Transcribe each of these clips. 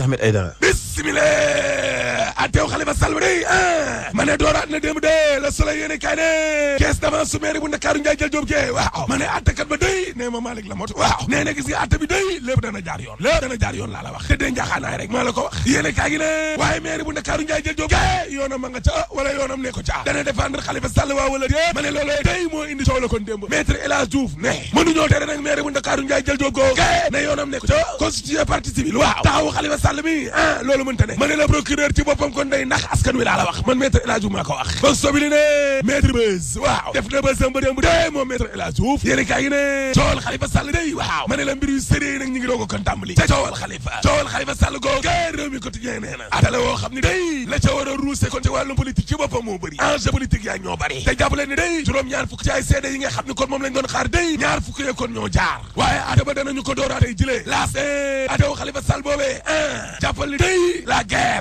Ahmed Aïdara bismillah atteew Khalifa Sall eh! Mane dora ne dooraat de la soleil yéene kay ne kees d'avance su mairie bu Ndakaaru Ndiaye jël Joob jee waaw ma ne attekat ba day nee ma Malick la mot waaw nee na gis nga atte bi de, lépp dana jaar yoon lépp dana jaar yoon laa la wax te dee njaaxaanaay rek maa la ko wax yéene kaay gi ne waaye mairie bu Ndakaaru Ndiaye jël Joob jee yoonam ma nga ca wala yoonam ne ko ca dana défendre Khalifa Salwa waa wala dee ma ne loolee day moo indi coow la kon démb maître El Diouf ne mënuñoo tere nag mairie bu Ndakaaru Ndiaye jël Joob goo ne yoonam ne ko ca constitué partie civile waaw taxaw Khalifa Sall mi ah loolu mënta ne ma ne la procureur ci boppam Sonko day nax askan wi laa la wax man maître El Hadj Diouf maa ko wax ba sobili ne maître Beuz waaw def na ba samba démb de moom maître El Hadj Diouf yéen kaa ngi ne coowal Khalifa Sall day waaw ma ne la mbir yu sérieux nag ñu ngi doog a kon tàmbali te coowal Khalifa coowal Khalifa Sall googu réew mi quotidien nee na la woo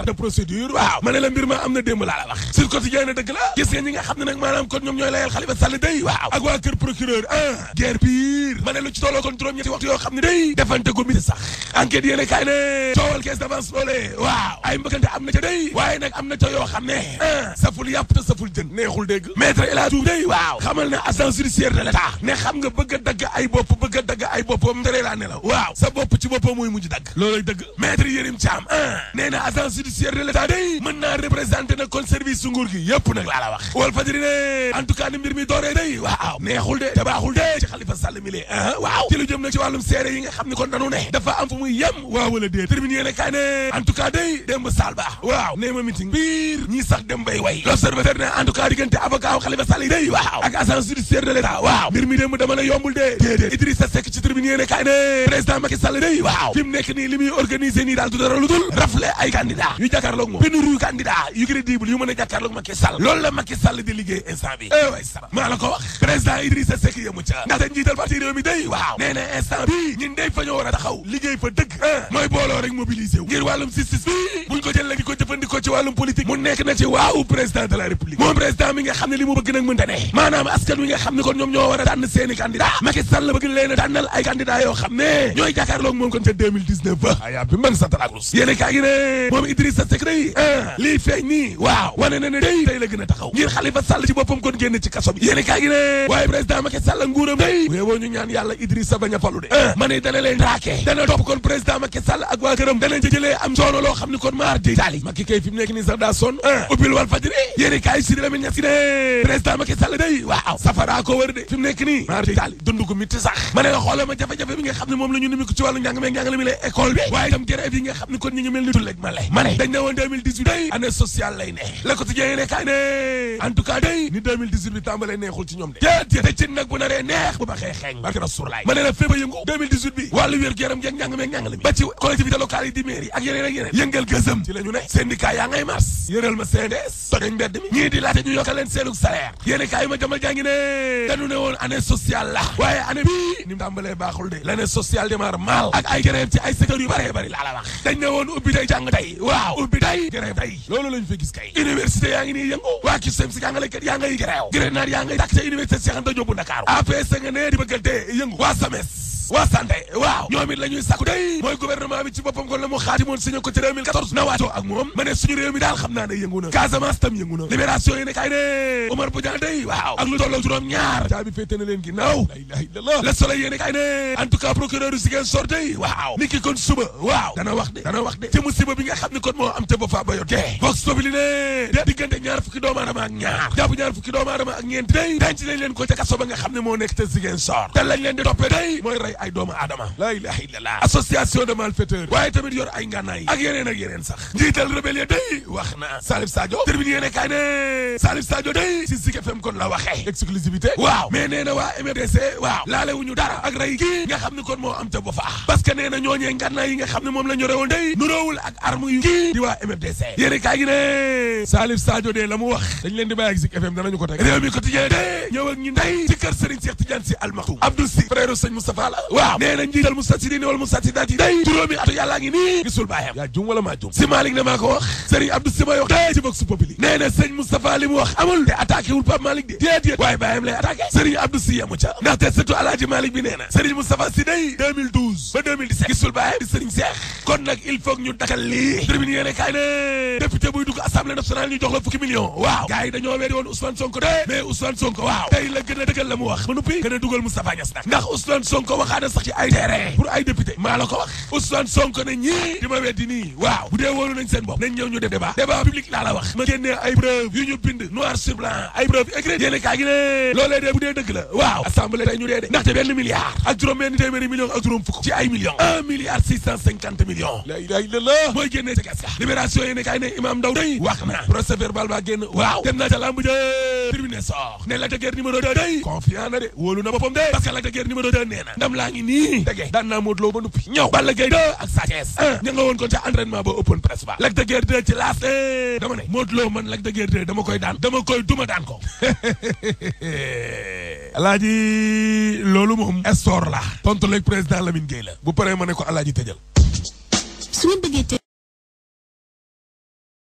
de procédure waaw ma mbir ma am na démb laa wax sur quotidien na dëgg la gis nga xam ne nag maanaam kon ñoom ñooy layal Xalifa Sall day waaw ak waa kër procureur ah guerre pire ma ne lu ci waxtu yoo xam ne day defante ko mi sax enquête yéene kaay ne coowal caisse d'avance loolee waaw ay mbëkk werante am na ca day waaye nag am na ca yoo xam ne ah. saful yàpp te saful jën neexul dégg maître El Hadj Diouf day waaw xamal ne agence judiciaire de l'état ne xam nga bëgg a dagg ay bopp bëgg a dagg ay boppam tere laa ne la waaw sa bopp ci boppam mooy mujj dagg looloy dëgg maître Yérim Thiam a ah. nee na agence judiciaire de l'état day mën naa représenté na kon service su nguur gi yëpp nag laa la wax wal fajri ne en tout cas ni mbir mi dooree day waaw neexul de te baaxul de ci Khalifa Sall mi lee ah, waaw ci lu jëm nag ci wàllum seere yi nga xam ne kon danu ne dafa am fu muy yem waaw wala dee terminé ne kaay ne en tout cas day démb Sall daal baax waaw nee ma meeting biir ñii sax dem bay way l'observateur ne en diggante avocat wu Khalifa Sall yi day waaw ak agence judiciaire de l'état waaw mbir mi démb dama la yombul dee déedéet Idrissa Seck ci tribune yéene kaay ne président Macky day waaw fi nekk nii li muy daal du dara rafle ay candidat yu jàkkaarloog moom pénurie yu candidat yu crédible yu mën a jàkkaarloog Macky Sall loolu la Macky Sall di liggéey instant bi eh waay sama ko wax a jël a leen a moom kon ah, sa taragrus yéene ah, lii feeñ nii waaw wane na ne tey la gën a taxaw ngir Khalifa Sall ci boppam kon génn ci kaso bi yéene kaa gi ne waaye président Macky Sall nguuram day wéewoo ñu ñaan yàlla Idrissa bañ a falu de ah, ma ne dana dana topp kon président Macky Sall ak waa këram dana jëlee am soono xam ne kon maar dey taali Macky kay fi nekk nii sax daa ah. wal fajri yéen i kaay Sidi Lamine Niass ki ne président Macky Sall day waaw safaraa ko wër de fi nekk nii maar dey taali dund ko mitti sax ma ne nga xoolee ma jafe-jafe bi nga xam ne moom la ñu nimiku ci wàllu njàng meeg la école bi waaye itam grève yi nga xam ne kon ñu ngi ni tulleeg ma le ma ne dañ ne woon 2018 day année sociale lay ne ne kaay ne en tout cas day ni 2018 bi tàmbalee neexul ci ñoom neex bu baxee xeeñ barke ma ne laajte ñu ne syndicat yaa ngay mars yëral ma CNDS tojañ mbedd mi ñii di laajte ñu yokka leen seenug salaire yéeni kaay ma jamal jàngi ne dañu ne woon année sociale la waaye ane bii ni mu tàmbalee baaxul de l'année sociale démarre mal ak ay grève ci ay secteurs yu bëree bëri laa la wax dañ ne woon ubbi tey jàng tey waaw ubbi tey grève tey loolu lañu fi gis kay université yaa ngi yëngu waa CUSEMS si jàngalekat yaa ngay grèew gré naat yaa ngay tàkk ca université Cheikh Anta waa santé waaw ñoom it la ñuy sàkku day mooy gouvernement bi ci boppam mu xaatimoon signé ko ci 2014 na waatoo ak moom ma na Casamance ak lu tolloo juróom ñaar caabi day waaw ni ki kon suba waaw dana wax de dana wax de te musiba bi nga xam ni te ba faa bayoon ne de diggante ñaar fukki doomu aadama ak ñaar jàpp ñaar ko ca kaso ba xam ne moo nekk te Ziguinchor te lañ leen di toppee day mooy rey ay doomu la ilaha illallah association de malfaiteurs waaye tamit yor ay ngànnaay ak yeneen ak yeneen sax rébellion day wax Salif Sadio termine yéene ne Salif Sadio day si Zik FM kon la waxee exclusivité waaw mais nee na waa MRDC waaw laale wuñu dara ak rey kii nga xam kon am parce que na yi nga ak arme yu di gi ne Salif Sadio de la wax dañ leen di bàyyi ak FM ko mi quotidien day ñëw ak day ci kër Serigne Cheikh Tidiane Abdou frère Serigne waaw nee na njiital mustasidin wal mustasidat yi day juróomi atu yàllaa ngi nii gisul bàyyam yaa jum wala maa jum si Malick ne maa ko wax Serigne Abdou Sima wax day ci Vox Populi nee na sëñ Moustapha li wax amul te attaqué wul Pape Malick de déedéet waaye bàyyam lay attaqué Serigne Abdou Si yamu ca ndaxte surtout Alaaji Malick bi nee na Serigne Moustapha si day 2012 ba 2017 gisul bàyyam di Serigne Cheikh kon nag il faut ñu dakal lii tribune yéene kaay ne député buy dugg assemblée nationale ñu jox la fukki million waaw gars yi dañoo weeri woon Ousmane Sonko de mais Ousmane Sonko waaw tey la gën a dëggal wax ba noppi gën a dugal Moustapha Niass nag ndax Ousmane Sonko wax waxaana ay terrain pour ay député maa la ko wax Ousmane Sonko ne ñii di ma weddi waaw bu dee wóolu nañ seen bopp nañ ñëw ñu def débat débat public laa la wax ma génnee ay preuve yu ñu bind noir sur blanc ay preuve écrite yéene kaa ne loolee dee bu dee la waaw assemblée tey ñu dee de ndaxte benn milliard ak juróom benn téeméeri million ak juróom fukk ci ay millions un milliard six cent cinquante millions la ilaha illallah mooy génnee ci gas ga libération ne Imam Ndaw day laa ngi nii dégg daan naa Modou Lo ba nuppi ñëw Balla Gaye 2 ak Sa Thiès ña nga woon kon ca entraînement ba open press ba Lac de Guiers ci laas eh, dama ne Modou Lo man Lac de Guiers 2 dama koy daan dama duma daan ko alaaji loolu moom estor la tontu leeg président min Gueye la bu paree ma ne ko alaaji tëjal